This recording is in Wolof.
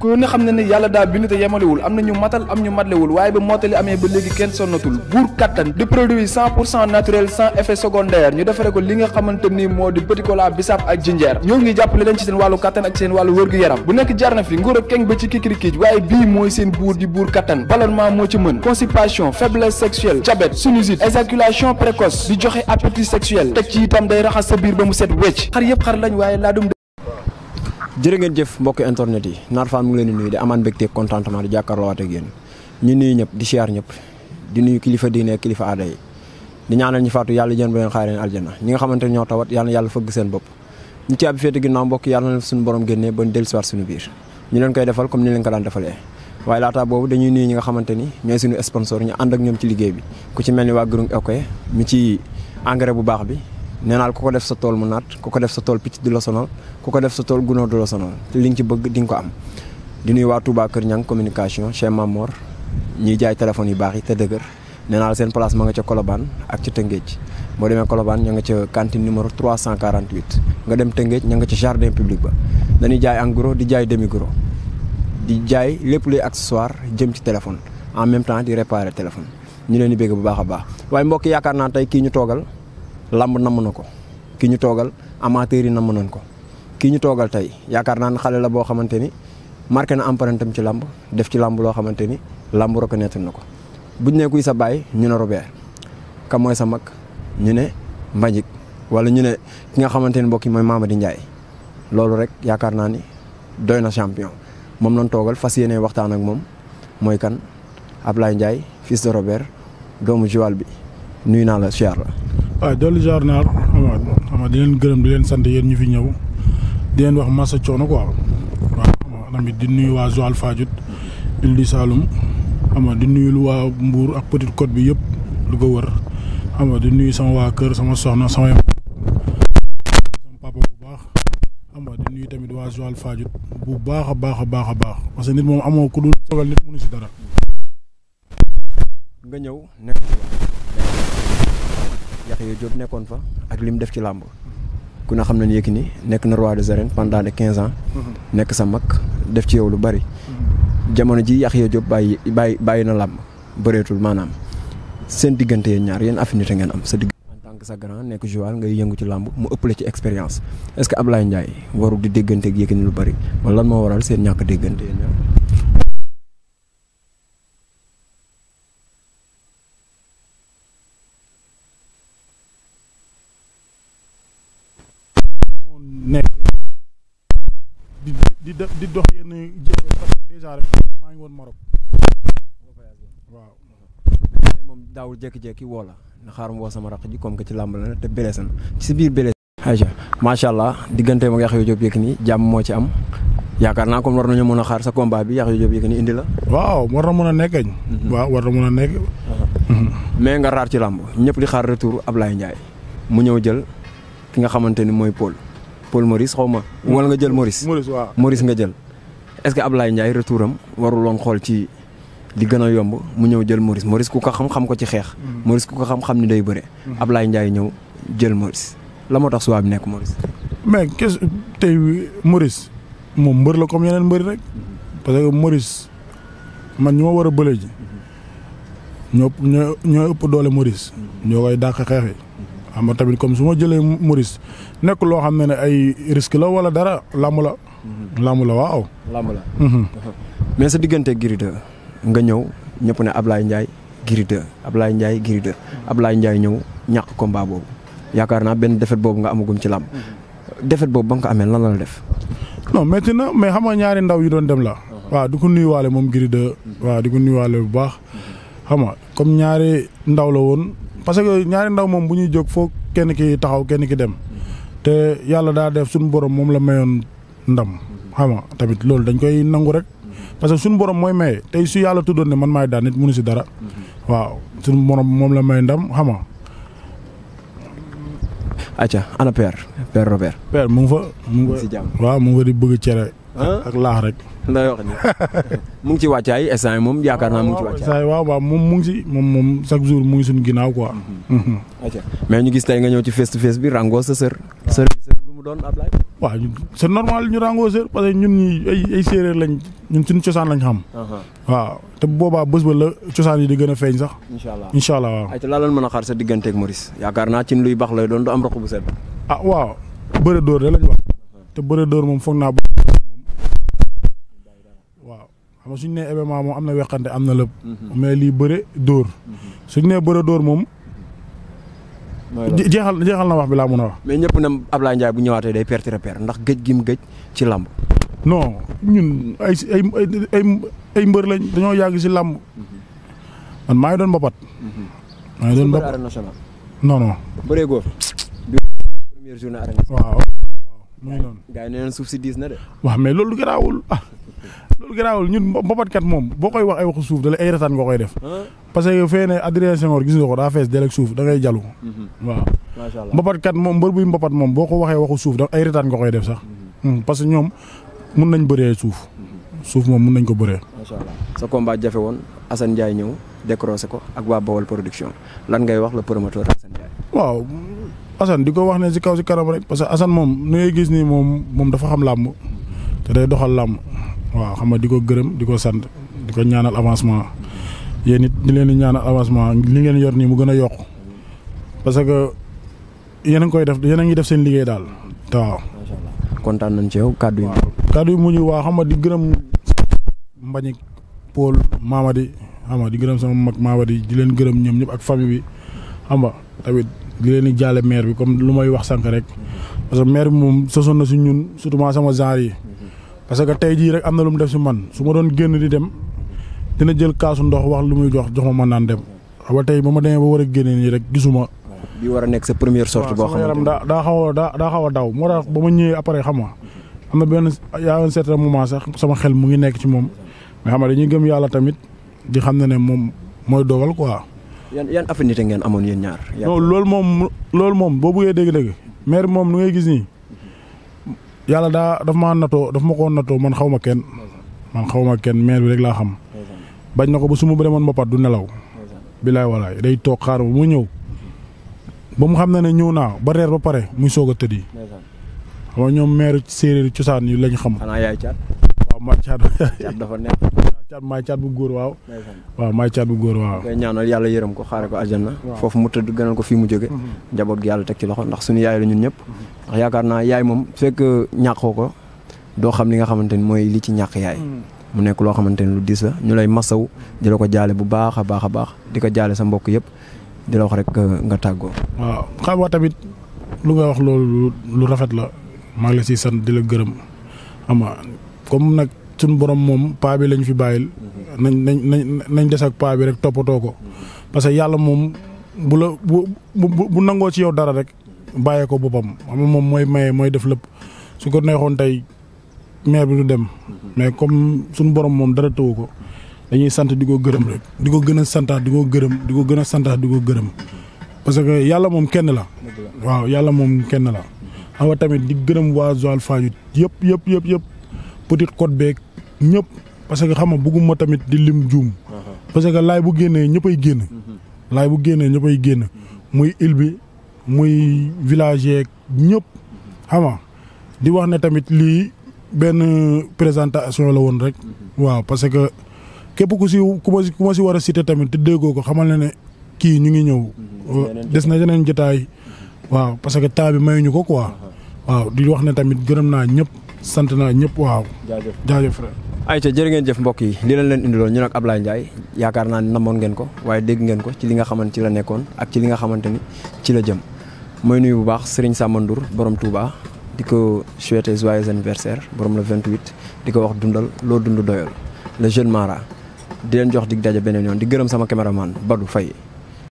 ku ne xam ne ne yàlla daa bind te yemalewul am na ñu matal am ñu matlewul waaye ba mottali amee ba léegi kenn sonnatul buur kattan di produit cent pour cent naturel sans effet secondaire ñu defare ko li nga xamante ni moo di petit cola bisaab ak jinjeer ñoo ngi jàppale leen ci seen wàllu kattan ak seen wàllu wërgu yaram bu nekk jarna fi nguur ak keng ba ci kikirikiij waaye bii mooy seen buur di buur kattan ballonnement moo ci mën constipation faiblesse sexuelle diabète sinusite éjaculation précoce di joxe appétit itam day raxas sa mu set wecc xar yëpp xar lañ waaye laa jërë ngeen jëf mbokk internet yi Naar Fall mu ngi leen di nuyu di amaan mbégte contentement di jàkkaarloowaat ak yéen ñu nuyu ñëpp di siyaar ñëpp di nuyu kilifa diine kilifa aada yi di ñaanal ñu faatu yàlla jën ba leen xaareen aljana ñi nga xamante ne ñoo tawat yàlla na yàlla fëgg seen bopp ñu ci ab féete ginnaaw mbokk yàlla na suñu borom génnee ba ñu dellusiwaat suñu biir ñu leen koy defal comme ni leen ko daan defalee waaye laata boobu dañuy nuyu ñi nga xamante ni ñooy suñu sponsor ñu ànd ak ñoom ku ci ni waa gërung okoy mi ci baax bi nee naal ko def sa tool mu naat ku ko def sa tool picc du la sonal ku ko def sa tool gunóor du la sonal te li nga ci bëgg di nga ko am. di nuyu waa Touba Kër Niang communication chez Mamor ñuy jaay yu baax yi te dëgër nee naa seen place ma nga ca Colobane ak ca Tëngéej moo demee Colobane ña nga ca cantine numéro 348 nga dem Tëngéej ña nga ca jardin public ba dañuy jaay en gros di jaay demi gros di jaay lépp luy accessoire jëm ci téléphone en même temps di réparer téléphone ñu leen di bégg bu baax a baax waaye mbokk yaakaar naa tey kii ñu toogal. làmb namm na ko ki ñu toogal amateurs yi namm nañ ko ki ñu toogal tey yaakaar naa ne xale la boo xamante ni marqué na empreinte am ci làmb def ci làmb loo xamante ni làmb reconnaître na ko bu ne kuy sa baay ñu ne Robert ka mooy sa mag ñu ne Mbagnick wala ñu ne ki nga xamante ni mbokk mooy mooy di Ndiaye loolu rek yaakaar naa ni doy na champion moom lañ toogal fas yéene waxtaan ak moom mooy kan Ablaye Ndiaye fils de Robert doomu Joal bi nuyu naa la siyaar waaw dellu jaar naar xam nga di leen gërëm di leen sant yéen ñu fi ñëw di leen wax massa coono quoi waaw tamit di nuyu waa Joal Fadiouth Île du Saloum xam nga di nuyu lu waa mbuur ak Petite Côte bi yëpp lu ko wër xam nga di nuyu sama waa kër sama soxna sama sama papa bu baax xam nga di nuyu tamit waa Joal Fadiouth bu baax a baax a baax a baax parce que nit moom amoo ku dul sogal nit mënu si dara nga ñëw Yaxya Diop nekkoon fa ak li mu def ci làmb ku ne xam nañu ni nekk na roi des arènes pendant de quinze ans nekk sa mag def ci yow lu bari jamono ji Yaxya Diop bàyyi bàyyi bàyyi na làmb bëreetul maanaam seen diggante yéen ñaar yéen affinité ngeen am sa digg en tant que sa grand nekk Joal ngay yëngu ci làmb mu ëpp la ci expérience est-ce que Ablaye Ndiaye warul di déggante ak Yékini lu bari wala lan moo waral seen ñàkk déggante yéen ñaar di di dox yenn jéego rek maa ngi woon Maroc waaw. moom daawul jékki-jékki na xaarum woo sama raq ji comme que ci làmb la te beleesan ci si biir belees. ayca macha allah diggante ma Yaxya Diop Yékini jàmm moo ci am yaakaar naa comme war nañu mën a xaar sa combat bi Yaxya Diop Yékini indi la. waaw war na mën a nekk. Mhm. waaw war na mën a nekk. Uh-huh. Mhm. mais nga raar ci làmb ñëpp di xaar retour Ablaye Ndiaye mu ñëw jël ki nga xamante ni mooy Paul. Paul Maurice xaw ma. wala nga jël Maurice. Maurice waaw Maurice nga jël. est-ce que Ablaye Ndiaye retour am warul woon xool ci di gën a yomb mu ñëw jël Maurice Maurice ku ko xam-xam ko ci xeex. Mm-hmm. Maurice ku ko xam-xam ni day bëre. Mm-hmm. Ablaye Ndiaye ñëw jël Maurice la moo tax suwaa bi nekk Maurice. mais qu'est-ce tey Maurice moom mbër la comme yeneen mbër rek parce que Maurice man ñu ma war a bële ji ñoo ñoo ëpp doole Maurice. Mm-hmm. ñoo koy dàq xeex yi xam nga tamit comme su ma jëlee Maurice nekk loo xam ne ne ay risque la wala dara làmb la. Mhm. làmb la waaw. làmb la. Mhm. mais sa diggante Gris 2 nga ñëw ñëpp ne Ablaye Ndiaye Gris ab lay njaay Gris ab Ablaye njaay ñëw ñàkk combat boobu yaakaar naa benn défaite boobu nga amagum ci làmb. Mhm. défaite boobu ba nga ko amee lan la def. non na mais xam nga ñaari ndaw yi doon dem la. waa di ko nuyuwaale moom Gris 2. waaw di ko nuyuwaale bu baax. xam nga comme ñaari ndaw la woon. parce que ñaari ndaw moom bu ñuy jóg foog kenn ki taxaw kenn ki dem te yàlla daa def suñu borom moom la mayoon ndam xam tamit loolu dañ koy nangu rek parce que suñu borom mooy maye tey su yàlla tuddoon ne man maay daan nit mënu si dara waaw suñu borom moom la may ndam xam nga acca ana père père Robert. père mu ngi fa. mu ngi si jàmm waaw mu ngi fa di bëgg cere. ak laax rek. ndax yoo xam ne mu ngi ci wàccaay instant yi moom yaakaar naa mu ngi ci wàccaay. waaw waaw moom mu ngi ci moom moom chaque jour mu ngi suñu ginnaaw quoi. Mhm. Mhm. mais ñu gis tey nga ñëw ci face to face bi rangoo sa sër. sër lu mu doon Ablaye. waaw ñun c'est normal ñu rangoo sër parce que ñun ñi ay ay séeréer lañ ñun suñu cosaan lañ xam. waaw te boobaa bés ba la cosaan yi di gën a feeñ sax. incha allah incha allah waaw. ayca laa leen mën a xaar sa digganteeg Maurice yaakaar naa ci luy baax lay doon du am roq bu set. ah waaw bëre dóor de lañ wax te bëre dóor moom foog naa xam na suñ ne événement moom am na weqante am na lépp. mais mhm. lii bëre dóor. Mhm. suñ ne bëre dóor moom. jeexal jeexal na wax bi laa mun a wax. mais ñëpp na Ablaye bu ñëwaatee day perte repère ndax gëj gi mu ci làmb. non ay ay ay mbër lañ dañoo yàgg si làmb. Mhm. man maa ngi doon mbapat. maa ngi doon mbapat arène nationale. non non. bëree góor. si na de. waaw mais loolu garaawul ah. loolu garaawul ñun mbabatkat moom boo koy wax ay waxu suuf da ay retaan nga koy def. Ah. parce que fee ne Adrien Senghor gis nga ko daa fees del ak suuf da ngay jalu. Mhm. waaw macha allah moom mbër buy mbabat moom boo ko waxee waxu suuf da ay retaan nga koy def sax. Mhm. Hmm, parce que ñoom mun nañ bëree suuf. Mhm. suuf moom mun nañ ko bëree. macha allah sa combat jafe woon Assane Ndiaye ñëw décroché ko ak waa Bawol production lan ngay wax la promoteur Assane Ndiaye. waaw Assane di ko wax ne si kaw si kanam rek parce que Assane moom nu ngay gis nii moom moom dafa xam làmb te day doxal làmb. waaw xam nga di ko gërëm di ko sant di ko ñaanal avancement yéen it di leen di ñaanal avancement li ngeen yor nii mu gën a yokku parce que yéen a koy def yéen a ngi def seen liggéey daal waaw. kontaan nañ ci yow kàddu yi. yi mu ñu waa xam di gërëm Mbagnick pool maamadi xam di gërëm sama mag Mamady di leen gërëm ñoom ñëpp ak famille bi xam nga tamit di leen di jaale maire bi comme lu may wax sànq rek parce que maire bi moom sosoon na si ñun surtout sama genre yi. parce que tey jii rek am na lu mu def si man su ma doon génn di dem dina jël kaasu ndox wax lu muy jox jox ma mën naan dem xam tey ba ma demee war a nii rek gisuma. bi a nekk sa première sortie. boo xamante ne daa daa xaw a daa xaw a daw moo tax ba ma xam nga am na benn yaa un certain moment sax sama xel mu ngi nekk ci moom mais xam nga dañuy gëm yàlla tamit di xam ne ne moom mooy dogal quoi. yan yan ngeen amoon yéen ñaar. non loolu moom loolu moom boo bëggee dégg-dégg maire moom nu ngay gis nii. yàlla daa daf maa natoo daf ma ko natoo man xaw ma kenn man xaw ma kenn maire bi rek laa xam bañ na ko ba su ma demoon du nelaw bilaay walaay day toog xaar mu ñëw ba mu xam ne ne ñëw naa ba reer ba pare muy soog a tëddi xam nga ñoom maire séeréer cosaan yi lañ xam. xanaa yaay caat. waaw man dafa nekk. caat maay caat bu góor waaw. waaw maay caat bu góor waaw. ngay ñaanal yàlla yërëm ko xaare ko àjjana. foofu mu tëdd gënal ko fii mu jóge mhm. njaboot gi yàlla teg ci loxo ndax suñu yaay la ñun ñëpp. Mhm. ndax yaakaar naa yaay moom fekk ñàqoo ko doo xam li nga xamante ni mooy li ci ñàq yaay. Mhm. mu nekk loo xamante ni lu diis la ñu lay masaw di la ko jaale bu baax a baax a baax di ko jaale sa mbokk yëpp di la wax rek euh, nga tàggoo. waaw xam nga tamit lu nga wax loolu lu rafet la maa ngi la siy sant di la gërëm xam nga comme nag suñu borom moom paa bi lañ fi bàyyil. nañ nañ nañ nañ des ak paa bi rek toppatoo ko. parce que yàlla moom bu la bu bu nangoo ci yow dara rek bàyyee ko boppam xam moom mooy maye mooy def lépp su ko neexoon tey maire bi du dem. mais comme suñu borom moom dara tëwu ko dañuy sant di ko gërëm di ko gën a santaat di ko gërëm di ko gën a santaat di ko gërëm parce que yàlla moom kenn la. waaw yàlla moom kenn la. xam nga tamit di gërëm waa Joal Fadiouth yëpp yëpp yëpp yëpp Petite Côte beeg ñëpp parce que xam nga bugguma tamit di lim juum. Uh-huh. parce que laay bu génnee ñëppay génn. Mm-hmm. laay bu génnee ñëppay génn. muy île bi muy village yeeg ñëpp mm-hmm. xam di wax ne tamit lii benn présentation la woon rek. Mm-hmm. waaw parce que képp ku si ku ma si war a citer tamit te déggoo ko xamal na ne kii ñu ngi ñëw. Euh, des na yeneen jotaay. waaw parce que temps bi mayuñu ko quoi. Uh-huh. waaw di wax ne tamit gërëm naa ñëpp sant naa ñëpp waaw. ayca jërë ngeen jëf mbokk yi li leen leen indiloon ñu nag Ablaye Ndiaye yaakaar naa ne namoon ngeen ko waaye dégg ngeen ko ci li nga xamante ci la nekkoon ak ci li nga xamante ni ci la jëm mooy nuyu bu baax Serigne Samba Ndour borom Touba di ko souhaiter joyeux anniversaire borom vingt 28 di ko wax dundal loo dund doyal la jeune Mara di leen jox dig daje beneen yoon di gërëm sama caméraman Badou fay